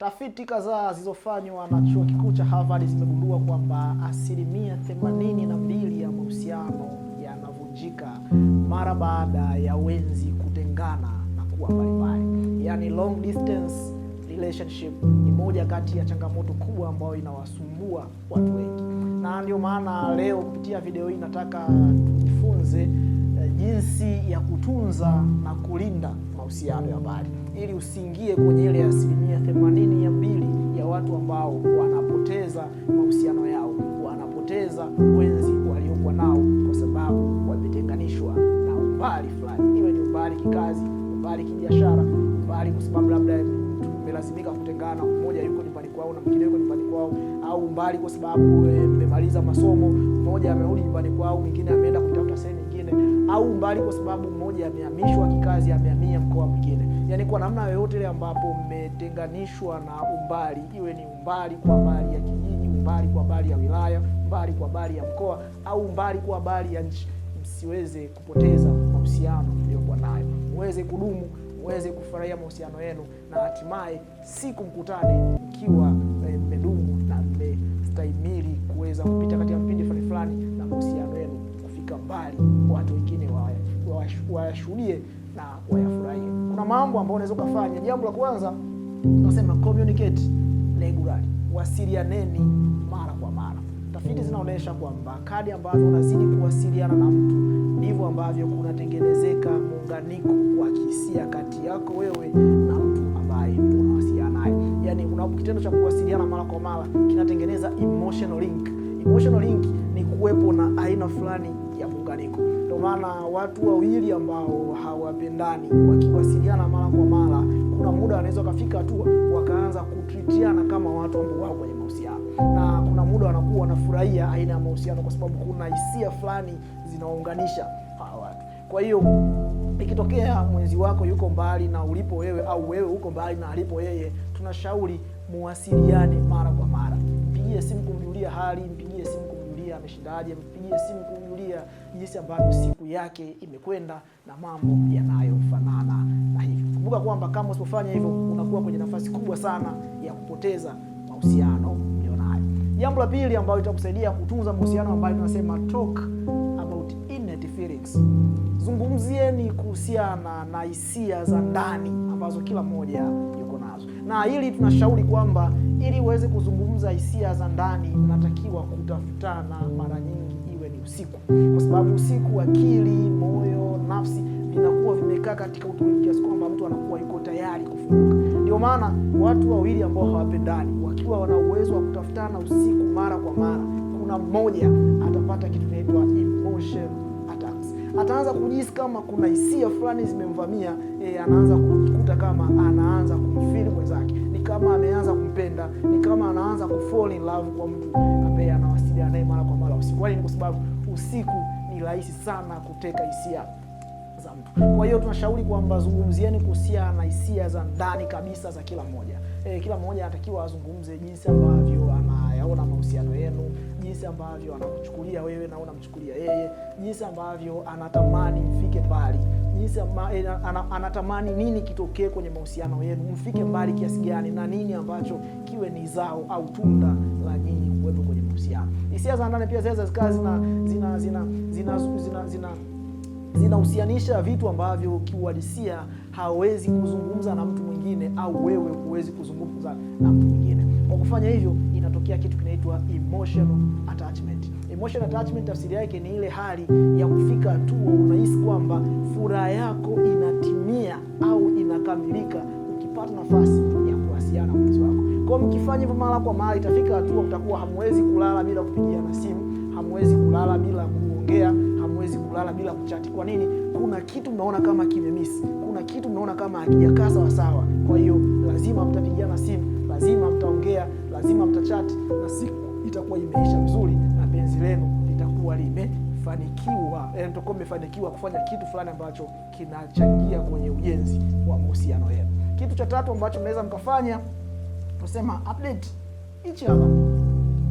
Tafiti kadhaa zilizofanywa na chuo kikuu cha Harvard zimegundua kwamba asilimia themanini na mbili ya mahusiano yanavunjika mara baada ya wenzi kutengana na kuwa mbalimbali, yaani long distance relationship ni moja kati ya changamoto kubwa ambayo inawasumbua watu wengi, na ndio maana leo kupitia video hii nataka tujifunze eh, jinsi ya kutunza na kulinda mahusiano ya mbali ili usiingie kwenye ile asilimia themanini ya mbili ya watu ambao wanapoteza mahusiano yao, wanapoteza wenzi waliokuwa nao kwa sababu wametenganishwa na umbali fulani, iwe ni umbali kikazi, umbali kibiashara, umbali kwa sababu labda lazimika kutengana, mmoja yuko nyumbani kwao na mwingine yuko nyumbani kwao, au umbali kwa sababu eh, mmemaliza masomo, mmoja amerudi nyumbani kwao, mwingine ame au mbali, kwa sababu mmoja amehamishwa kikazi, amehamia mkoa mwingine. Yani kwa namna yoyote ile ambapo mmetenganishwa na umbali, iwe ni umbali kwa mbali ya kijiji, umbali kwa mbali ya wilaya, umbali kwa mbali ya mkoa, au umbali kwa mbali ya nchi, msiweze kupoteza mahusiano mliokuwa nayo, uweze kudumu, uweze kufurahia mahusiano yenu, na hatimaye siku mkutane mkiwa eh, mmedumu na mmestahimili kuweza kupita katika vipindi fulani fulani na mahusiano mbali watu wengine wayashuhudie na wayafurahie. Kuna mambo ambayo unaweza ukafanya. Jambo la kwanza unasema communicate regularly, wasilianeni mara kwa mara. Tafiti zinaonyesha kwamba kadi ambazo unazidi kuwasiliana na mtu ndivyo ambavyo kunatengenezeka muunganiko wa kihisia kati yako wewe na mtu ambaye unawasiliana naye. Yani una kitendo cha kuwasiliana mara kwa mara kinatengeneza emotional link. Emotional link ni kuwepo na aina fulani muunganiko. Ndio maana watu wawili ambao hawapendani wakiwasiliana mara kwa mara, kuna muda wanaweza wakafika tu wakaanza kutritiana kama watu ambao wao kwenye mahusiano, na kuna muda wanakuwa wanafurahia aina ya mahusiano, kwa sababu kuna hisia fulani zinaunganisha hawa watu. Kwa hiyo ikitokea mwenzi wako yuko mbali na ulipo wewe, au wewe uko mbali na alipo yeye, tunashauri muwasiliane mara kwa mara, mpigie simu kumjulia hali ameshindaje, mpigie simu kumjulia jinsi ambavyo siku yake imekwenda na mambo yanayofanana na hivyo. Kumbuka kwamba kama usipofanya hivyo, unakuwa kwenye nafasi kubwa sana ya kupoteza mahusiano ulionayo. Jambo la pili ambalo litakusaidia kutunza mahusiano ambayo tunasema talk about innate feelings ni kuhusiana na hisia za ndani ambazo kila mmoja yuko nazo, na hili tunashauri kwamba ili uweze kuzungumza hisia za ndani unatakiwa kutafutana, mara nyingi iwe ni usiku, kwa sababu usiku akili, moyo, nafsi vinakuwa vimekaa katika utulivu kiasi kwamba mtu anakuwa yuko tayari kufunguka. Ndio maana watu wawili ambao hawapendani wakiwa wana uwezo wa kutafutana usiku mara kwa mara, kuna mmoja atapata kitu kinaitwa emotion ataanza kujisi kama kuna hisia fulani zimemvamia e, anaanza kukuta kama anaanza kumfili mwenzake, ni kama ameanza kumpenda, ni kama anaanza kufall in love kwa mtu ambaye anawasiliana naye mara kwa mara usiku. Kwani ni kwa sababu usiku ni rahisi sana kuteka hisia za mtu. Kwa hiyo tunashauri kwamba zungumzieni kuhusiana na hisia za ndani kabisa za kila mmoja. E, kila mmoja anatakiwa azungumze jinsi ambavyo anayaona mahusiano jinsi ambavyo anakuchukulia wewe na unamchukulia yeye, jinsi ambavyo anatamani mfike mbali, jinsi eh, anatamani nini kitokee kwenye mahusiano yenu, mfike mbali kiasi gani, na nini ambacho kiwe ni zao au tunda la nyinyi kuwepo kwenye mahusiano. Hisia za ndani pia zinaweza zikawa zina zina zina zina zina zina zinahusianisha vitu ambavyo kiuhalisia hawezi kuzungumza na mtu mwingine, au wewe huwezi kuzungumza na mtu mwingine. Kwa kufanya hivyo, inatokea kitu kinaitwa emotional attachment. Emotional attachment tafsiri yake ni ile hali ya kufika hatua unahisi kwamba furaha yako inatimia au inakamilika ukipata nafasi ya kuwasiliana na mwenzi wako. Kwa mkifanya hivyo mara kwa mara, itafika hatua mtakuwa hamwezi kulala bila kupigiana simu, hamwezi kulala bila kuongea, hamwezi kulala bila kuchati. Kwa nini? Kuna kitu mnaona kama kimemisi, kuna kitu mnaona kama hakijakaa sawasawa. Kwa hiyo lazima mtapigiana simu lazima mtaongea, lazima mtachati, na siku itakuwa imeisha vizuri na penzi lenu litakuwa limefanikiwa, yani eh, mtakuwa mmefanikiwa kufanya kitu fulani ambacho kinachangia kwenye ujenzi wa mahusiano yenu. Kitu cha tatu ambacho mnaweza mkafanya tusema update each other,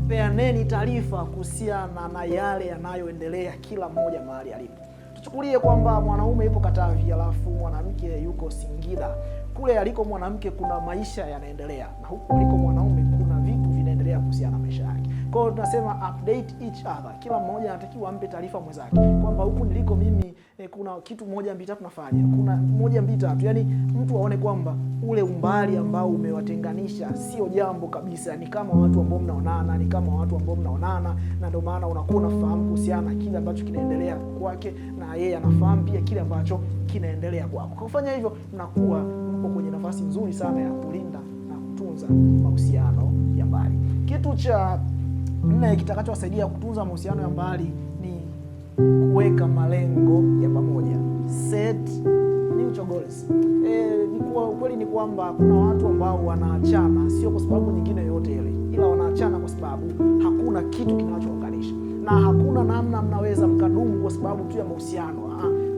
peaneni taarifa kuhusiana na yale yanayoendelea kila mmoja mahali alipo. Tuchukulie kwamba mwanaume yupo Katavi alafu mwanamke yuko Singida kule aliko mwanamke kuna maisha yanaendelea na huku aliko mwanaume kuna vitu vinaendelea kuhusiana na maisha yake. Kwa hiyo tunasema update each other, kila mmoja anatakiwa ampe taarifa mwenzake kwamba huku niliko mimi eh, kuna kitu moja mbili tatu nafanya, kuna moja mbili tatu, yani mtu aone kwamba ule umbali ambao umewatenganisha sio jambo kabisa, ni kama watu ambao mnaonana, ni kama watu ambao mnaonana, na ndio maana unakuwa unafahamu kuhusiana na kile ambacho kinaendelea kwake, na yeye anafahamu pia kile ambacho kinaendelea kwako. Kwa kufanya hivyo mnakuwa nafasi nzuri sana ya kulinda na kutunza mahusiano ya mbali. Kitu cha nne kitakachowasaidia kutunza mahusiano ya mbali ni kuweka malengo ya pamoja, set mutual goals. E, ni kwa kweli ni kwamba kuna watu ambao wanaachana sio kwa sababu nyingine yoyote ile, ila wanaachana kwa sababu hakuna kitu kinachounganisha na hakuna namna mnaweza mkadumu kwa sababu tu ya mahusiano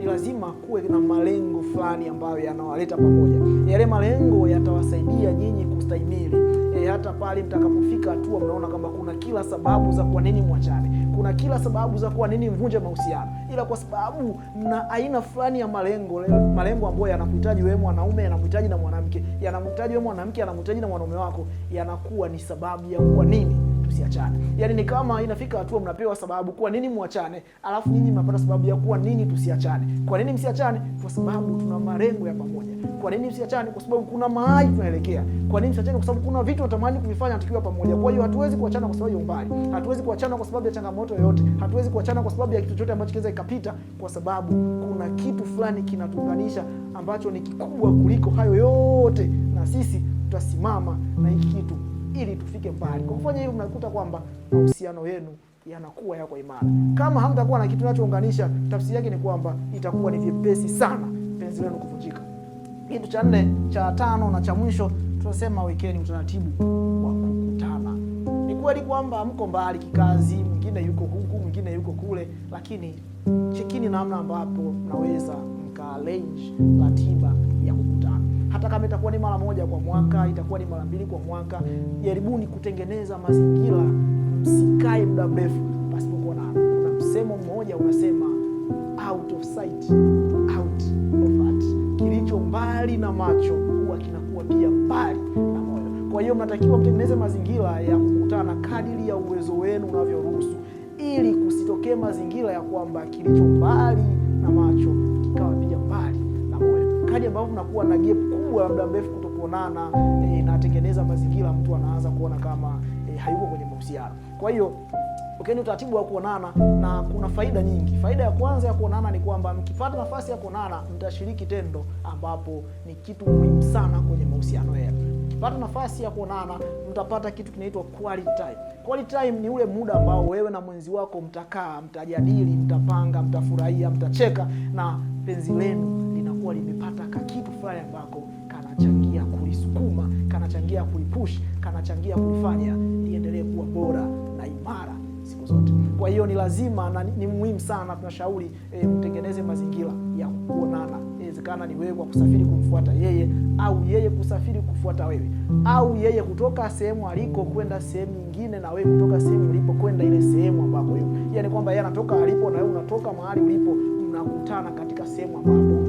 ni lazima kuwe na malengo fulani ambayo yanawaleta pamoja. Yale malengo yatawasaidia nyinyi kustahimili e, hata pale mtakapofika hatua mnaona kwamba kuna kila sababu za kwa nini mwachane, kuna kila sababu za kwa nini mvunje mahusiano, ila kwa sababu mna aina fulani ya malengo, malengo ambayo yanamhitaji wewe mwanaume, yanamhitaji na mwanamke, yanamhitaji wewe mwanamke, yanamhitaji na mwanaume wako, yanakuwa ni sababu ya kwa nini tusiachane. Yaani ni kama inafika hatua mnapewa sababu kwa nini mwachane, alafu nyinyi mnapata sababu ya kuwa nini tusiachane. Kwa nini msiachane? Kwa sababu tuna malengo ya pamoja. Kwa nini msiachane? Kwa sababu kuna mahali tunaelekea. Kwa nini msiachane? Kwa sababu kuna vitu natamani kuvifanya tukiwa pamoja. Kwa hiyo hatuwezi kuachana kwa sababu ya umbali, hatuwezi kuachana kwa sababu ya changamoto yoyote, hatuwezi kuachana kwa sababu ya kitu chochote ambacho kiweza kikapita, kwa sababu kuna kitu fulani kinatuunganisha ambacho ni kikubwa kuliko hayo yote, na sisi tutasimama na hiki kitu ili tufike mbali. Kwa kufanya hivyo, mnakuta kwamba mahusiano yenu yanakuwa yako imara. Kama hamtakuwa na kitu kinachounganisha, tafsiri yake ni kwamba itakuwa ni vyepesi sana penzi lenu kuvunjika. Kitu cha nne, cha tano na cha mwisho, tunasema wekeni utaratibu wa kukutana. Ni kweli kwamba mko mbali kikazi, mwingine yuko huku, mwingine yuko kule, lakini chekini namna ambapo mnaweza mkaarrange ratiba ya kukutana hata kama itakuwa ni mara moja kwa mwaka, itakuwa ni mara mbili kwa mwaka. Jaribuni kutengeneza mazingira, msikae muda mrefu pasipokuwa na. Kuna msemo mmoja unasema out of sight out of heart, kilicho mbali na macho huwa kinakuwa pia mbali na moyo. Kwa hiyo mnatakiwa mtengeneze mazingira ya kukutana kadiri ya uwezo wenu unavyoruhusu, ili kusitokee mazingira ya kwamba kilicho mbali na macho kikawa pia mbali na moyo, kadi ambavyo mnakuwa na gepu kubwa la muda mrefu kutokuonana, e, eh, inatengeneza mazingira mtu anaanza kuona kama e, hayuko kwenye mahusiano. Kwa hiyo Okay, utaratibu wa kuonana na kuna faida nyingi. Faida ya kwanza ya kuonana ni kwamba mkipata nafasi ya kuonana mtashiriki tendo ambapo ni kitu muhimu sana kwenye mahusiano yenu. Mkipata nafasi ya kuonana mtapata kitu kinaitwa quality time. Quality time ni ule muda ambao wewe na mwenzi wako mtakaa, mtajadili, mtapanga, mtafurahia, mtacheka na penzi lenu linakuwa limepata kakitu fulani ambako kanachangia kulisukuma, kanachangia kulipush, kanachangia kulifanya liendelee kuwa bora na imara siku zote. Kwa hiyo ni lazima na ni muhimu sana, tunashauri e, mtengeneze mazingira ya kuonana. Inawezekana ni wewe kwa kusafiri kumfuata yeye, au yeye kusafiri kufuata wewe, au yeye kutoka sehemu aliko kwenda sehemu nyingine, na wewe kutoka sehemu ulipo kwenda ile sehemu ambako, yaani kwamba yeye anatoka alipo na wewe unatoka mahali ulipo, mnakutana katika sehemu ambapo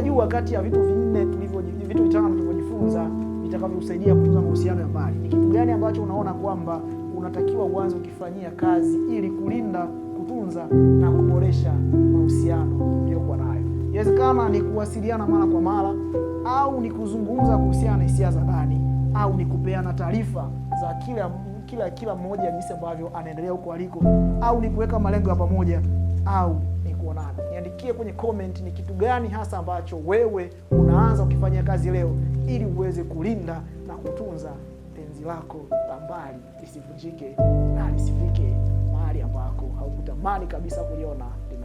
Utachagua kati ya vitu vinne tulivyo vitu vitano tulivyojifunza vitakavyokusaidia kutunza mahusiano ya mbali. Ni kitu gani ambacho unaona kwamba unatakiwa uanze ukifanyia kazi ili kulinda, kutunza na kuboresha mahusiano uliyokuwa nayo? Inawezekana ni kuwasiliana mara kwa mara, au ni kuzungumza kuhusiana na hisia za ndani, au ni kupeana taarifa za kila kila kila mmoja jinsi ambavyo anaendelea huko aliko, au ni kuweka malengo ya pamoja au ni kuonana. Niandikie kwenye comment ni kitu gani hasa ambacho wewe unaanza ukifanya kazi leo, ili uweze kulinda na kutunza penzi lako la mbali lisivunjike na lisifike mahali ambako haukutamani kabisa kuliona.